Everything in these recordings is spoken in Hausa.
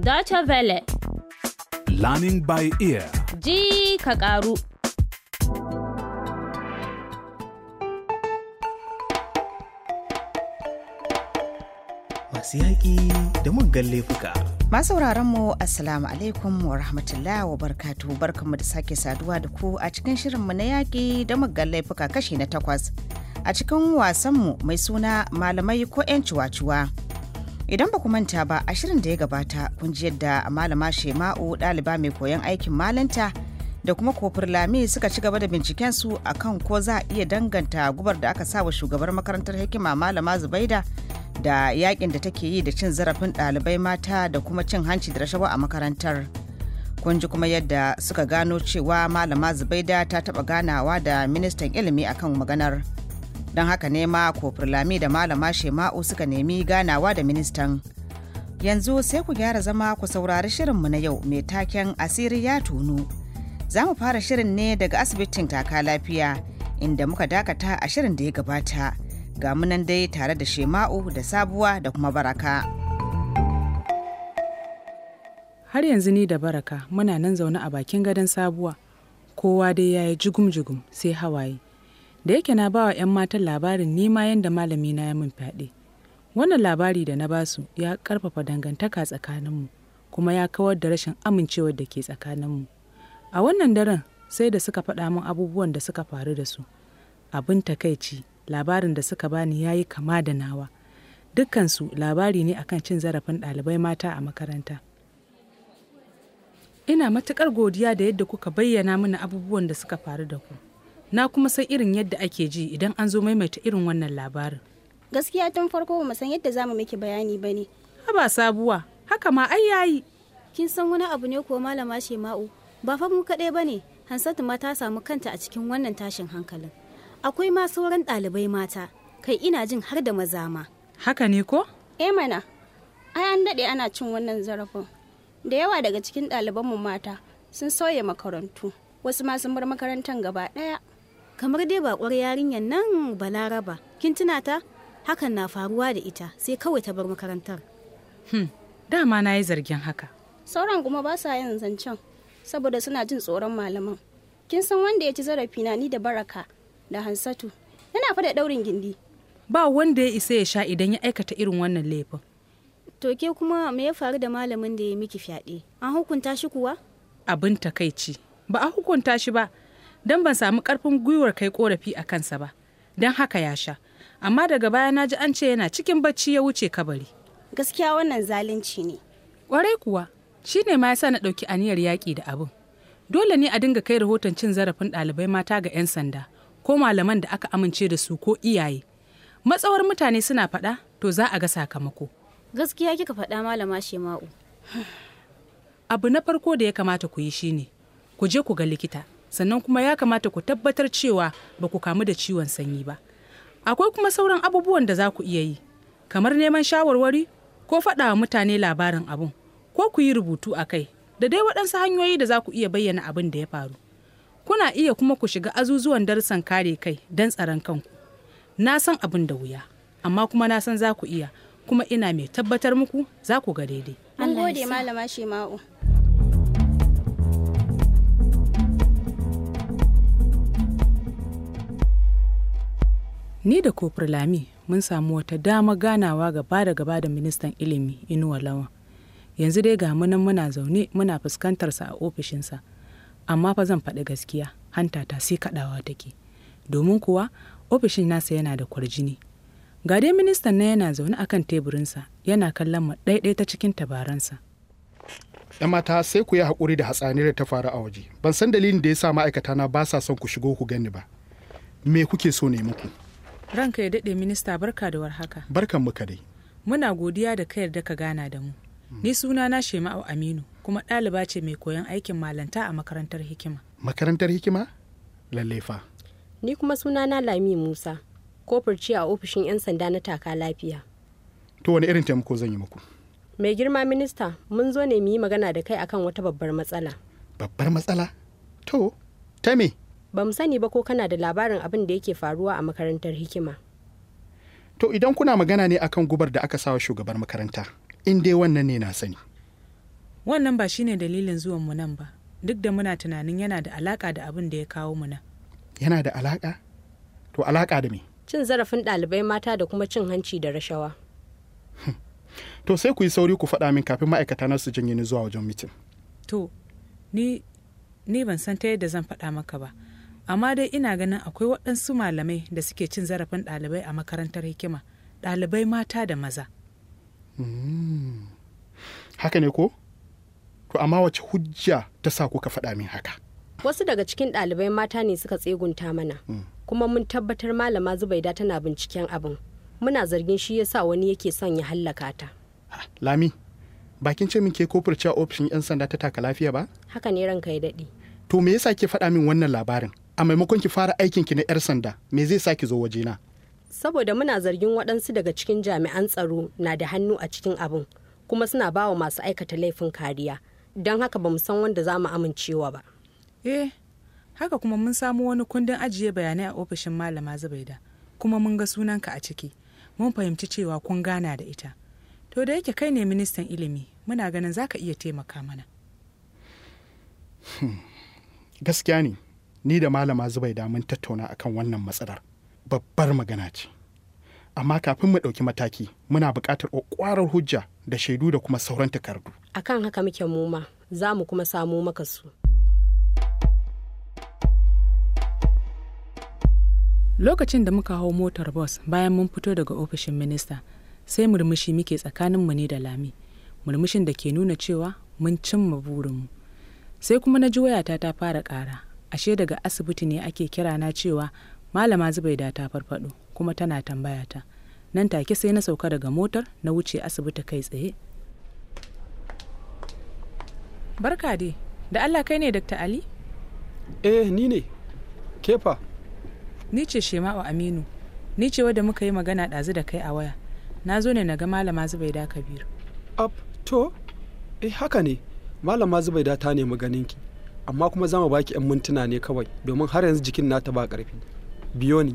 Deutsche Welle. Learning by ear. Ji ka karu. Masu yaƙi da muggan laifuka. Masu mu Assalamu alaikum wa rahmatullahi wa barkatu barkanmu da sake saduwa da ku a cikin shirinmu na yaƙi da muggan laifuka kashi na takwas. A cikin wasanmu mai suna malamai ko 'yan ciwa-ciwa. Idan ba ku manta ba a shirin da ya gabata kun ji yadda malama Shema'u ɗaliba mai koyon aikin malinta da kuma Kofur lami suka ci gaba da binciken su akan ko za a iya danganta gubar da aka sa wa shugabar makarantar hikima malama Zubaida da yakin da take yi da cin zarafin ɗalibai mata da kuma cin hanci da rashawa a makarantar. kun ji kuma yadda suka gano cewa malama zubaida ta taɓa ganawa da ministan ilimi akan maganar don haka ne ma da malama shema'u suka nemi ganawa da ministan yanzu sai ku gyara zama ku saurari shirinmu na yau mai taken asiri ya tunu za mu fara shirin ne daga asibitin taka lafiya inda muka dakata a shirin da ya gabata ga munan dai tare da shema'u da sabuwa da kuma baraka har yanzu ni da baraka muna nan zaune a bakin gadon sabuwa kowa dai ya yi jugum-jugum sai hawaye da yake na bawa 'yan matan labarin nima yadda malami na ya min fyaɗe wannan labari da na basu ya karfafa dangantaka tsakaninmu kuma ya kawar da rashin amincewar da ke tsakaninmu a wannan daren sai da suka faɗa min abubuwan da suka faru da su abin takaici labarin da suka bani ya yi kama da nawa dukkansu labari ne akan cin zarafin ɗalibai mata a makaranta ina matuƙar godiya da yadda kuka bayyana mana abubuwan da suka faru da ku na kuma san irin yadda ake ji idan an zo maimaita irin wannan labarin gaskiya tun farko ba san yadda zamu miki bayani ba bane haba sabuwa haka ma ai yayi kin san wani abu ne ko malama shema'u ba fa mu kaɗai bane hansatu ma ta samu kanta a cikin wannan tashin hankalin akwai ma sauran ɗalibai mata kai ina jin har da maza ma haka ne ko eh mana ai an daɗe ana cin wannan zarafin da yawa daga cikin mu mata sun sauya makarantu wasu ma sun bar makarantar gaba ɗaya kamar dai bakwar yarinyar nan balaraba kin tuna ta hakan na faruwa da ita sai kawai ta bar makarantar hmm. dama na yi zargin haka sauran kuma ba sa yin zancen saboda suna jin tsoron malaman kin san wanda ya ci zarafi na ni da baraka da hansatu yana fada daurin gindi ba wanda ya isa ya sha idan ya aikata irin wannan laifin to ke kuma me ya faru da malamin da ya miki fyaɗe an hukunta shi kuwa abin takaici ba a hukunta shi ba don ban samu karfin gwiwar kai korafi a kansa ba don haka ya sha amma daga baya na ji an ce yana cikin bacci ya wuce kabari gaskiya wannan zalunci ne kwarai kuwa shi ne ma ya sa na ɗauki aniyar yaƙi da abin dole ne a dinga kai rahoton cin zarafin ɗalibai mata ga 'yan sanda ko malaman da aka amince da su ko iyaye matsawar mutane suna faɗa to za a ga sakamako gaskiya kika faɗa malama shema'u abu na farko da ya kamata ku yi shine ku je ku ga likita sannan kuma ya kamata ku tabbatar cewa ba ku kamu da ciwon sanyi ba akwai kuma sauran abubuwan da za ku iya yi kamar neman shawarwari ko faɗa wa mutane labarin abun ko ku yi rubutu a kai da dai waɗansu hanyoyi da za ku iya bayyana abin da ya faru kuna iya kuma ku shiga azuzuwan darussan kare kai don tsaron kanku na san abin da wuya amma kuma na san za ku iya kuma ina mai tabbatar muku za ku ga daidai. Mun gode malama Shema'u. ni da kofar lami mun samu wata dama ganawa gaba da gaba da ministan ilimi inuwa lawan yanzu dai ga munan muna zaune muna fuskantar sa a ofishinsa amma fa zan faɗi gaskiya hanta ta sai kaɗawa take domin kuwa ofishin nasa yana da kwarjini ga dai ministan na yana zaune a akan teburinsa yana kallon mu ɗaiɗai ta cikin tabaransa yan mata sai ku yi haƙuri da hatsaniyar ta faru a waje ban san dalilin da ya sa ma'aikata na ba sa son ku shigo ku gani ba me kuke so ne muku ranka ya daɗe minista barka da warhaka barkan muka dai muna godiya da kayar da ka gana da mu mm. ni suna na shema'u aminu kuma ɗaliba ce mai koyon aikin malanta a makarantar hikima makarantar hikima lallefa ni kuma suna na lami musa ce a ofishin 'yan sanda na taka lafiya to wani irin taimako zan yi muku mai girma minista mun zo ne mu yi magana da kai akan wata babbar matsala babbar matsala to ta me ba mu sani ba ko kana da labarin abin da yake faruwa a makarantar hikima to idan kuna magana ne akan gubar da aka sawa shugaban makaranta in dai wannan ne na sani wannan ba shine dalilin zuwan mu nan ba duk da muna tunanin yana da alaka da abin da ya kawo mu nan yana da alaka to alaka da me cin zarafin ɗalibai mata da kuma cin hanci da rashawa to sai ku yi sauri ku faɗa min kafin ma'aikata na su janye ni zuwa wajen mitin to ni ban san ta yadda zan faɗa maka ba amma dai ina ganin akwai waɗansu malamai da suke cin zarafin ɗalibai a makarantar hikima ɗalibai mata da maza hmm. haka ne ko to amma wace hujja ta sa kuka faɗa min haka wasu daga cikin ɗalibai mata ne suka tsegunta mana hmm. kuma mun tabbatar malama zubaida tana binciken abin muna zargin shi yasa wani yake son ya hallaka ta ah, lami bakin ce min ke kofar cewa ofishin 'yan sanda ta taka lafiya ba haka ne ranka ya daɗe to me yasa ke faɗa min wannan labarin a maimakon ki fara aikin ki na 'yar sanda me zai sa ki zo na. saboda muna zargin waɗansu daga cikin jami'an tsaro na da hannu a cikin abin kuma suna ba wa masu aikata laifin kariya don haka bamu san wanda za mu amincewa ba eh haka kuma mun samu wani kundin ajiye bayanai a ofishin malama zubaida kuma mun ga sunanka a ciki mun fahimci cewa kun gana da ita to da yake kai ne ministan ilimi muna ganin za ka iya taimaka mana hmm, gaskiya ne ni da malama zubai da mun tattauna akan wannan matsalar babbar magana ce amma kafin mu ɗauki mataki muna buƙatar ƙwarar hujja da shaidu da kuma sauran takardu akan haka muke muma za mu kuma samo maka su lokacin da muka hau motar bus bayan mun fito daga ofishin minista sai murmushi muke tsakanin mu ne da lami murmushin da ke nuna cewa mun cimma burinmu sai kuma na ji wayata ta fara ƙara ashe daga asibiti ne ake kira na cewa malama zubaida ta farfado kuma tana tambaya ta nan take sai na sauka daga motar na wuce asibiti kai tsaye barka dai da allah kai ne dr ali eh ni ne kefa ni ce shema'u aminu ni ce wadda muka yi magana ɗazu da kai a waya na zo ne na ga malama zubaida kabiru ab to eh haka ne malama zubaida ta nemi ganinki amma kuma za mu baki 'yan mintuna ne kawai domin har yanzu jikin nata ba karfi. biyo ni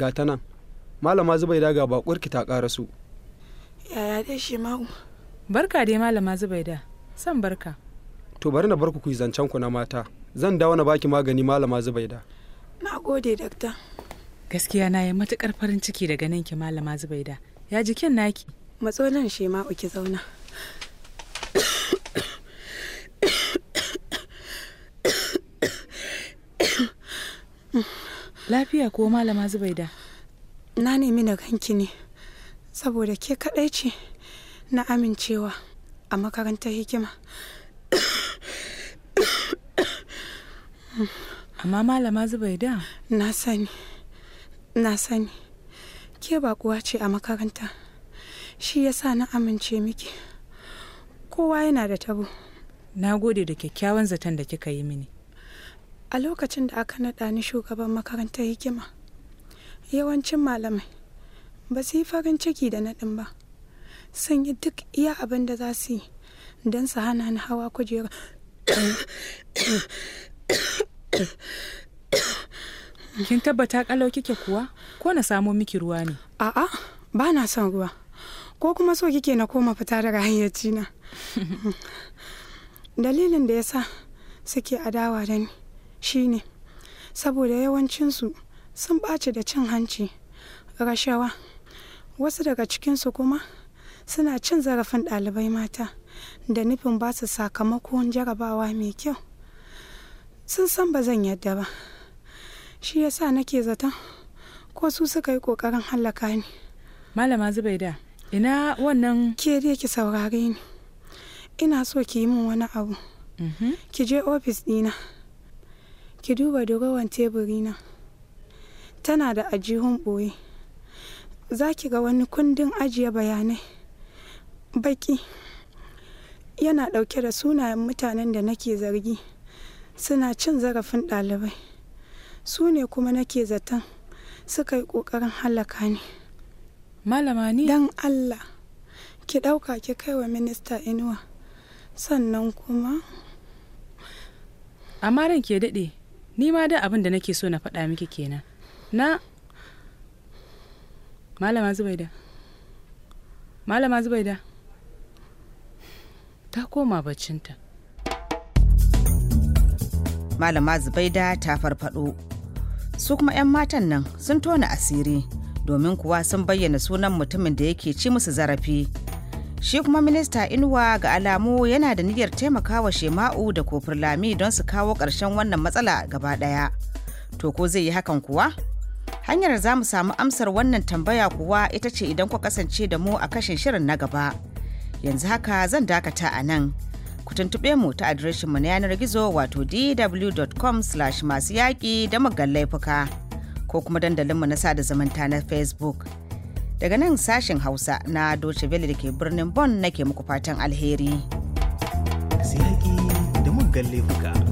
ga ta nan malama zubaida ga bakurki ta kara su yaya dai shi ma'u barka dai malama zubaida san barka to bari na barku ku yi zancen ku na mata zan dawo na baki magani malama zubaida na gode dakta gaskiya na yi matukar farin ciki daga ninki ki malama zubaida ya jikin naki matso nan shi ki zauna lafiya ko malama zubaida na nemi na ganki ne saboda ke kaɗai ce na amincewa a makarantar hikima amma malama zubaida na sani na sani ke bakuwa ce a makaranta shi yasa na amince miki kowa yana da tabo na gode da kyakkyawan zaton da kika yi mini a lokacin da aka naɗa ni shugaban makarantar hikima yawancin malamai ba su yi farin ciki da naɗin ba sun yi duk iya abin da za su yi don su hana ni hawa kujera kin tabbata kalau kike kuwa ko na samo miki ruwa ne a'a ba na son ruwa ko kuma so kike na koma fita daga hanyar dalilin da ya sa suke adawa da ni shine saboda yawancinsu sun ɓaci da cin hanci rashawa wasu daga cikinsu kuma suna cin zarafin ɗalibai mata da nufin ba su sakamakon jarabawa mai kyau sun san ba zan yadda ba shi ya sa nake zaton ko su suka yi ƙoƙarin hallaka ni malama zubaida ina wannan ke dai ki saurare ni ina so ki yi min wani abu mm-hmm. ki je ofis dina ki duba teburi teburina tana da ajihun boye za ki ga wani kundin ajiye bayanai baki yana ɗauke da sunayen mutanen da nake zargi suna cin zarafin ɗalibai su ne kuma nake zaton suka yi ƙoƙarin halaka ne malama ni don allah ki ɗauka ki kai wa minista inuwa sannan kuma amma ran ke daɗe ni ma da abin da nake so na faɗa miki kenan na malama zubaida malama zubaida ta koma baccinta malama zubaida ta farfado su kuma 'yan matan nan sun tona asiri domin kuwa sun bayyana sunan mutumin da yake ci musu zarafi shi kuma minista inuwa ga alamu yana da niyyar taimakawa shema'u da Lami don su kawo ƙarshen wannan matsala gaba ɗaya to ko zai yi hakan kuwa hanyar za mu samu amsar wannan tambaya kuwa ita ce idan ku kasance da mu a kashin shirin na gaba yanzu haka zan dakata a nan ku tuntuɓe mu ta adireshinmu na yanar gizo wato dw.com masu yaƙi da muggan laifuka ko kuma dandalinmu na sada zumunta na facebook daga nan sashen hausa na doce Bello da ke birnin bon nake muku fatan alheri. Siyaki da muggan laifuka.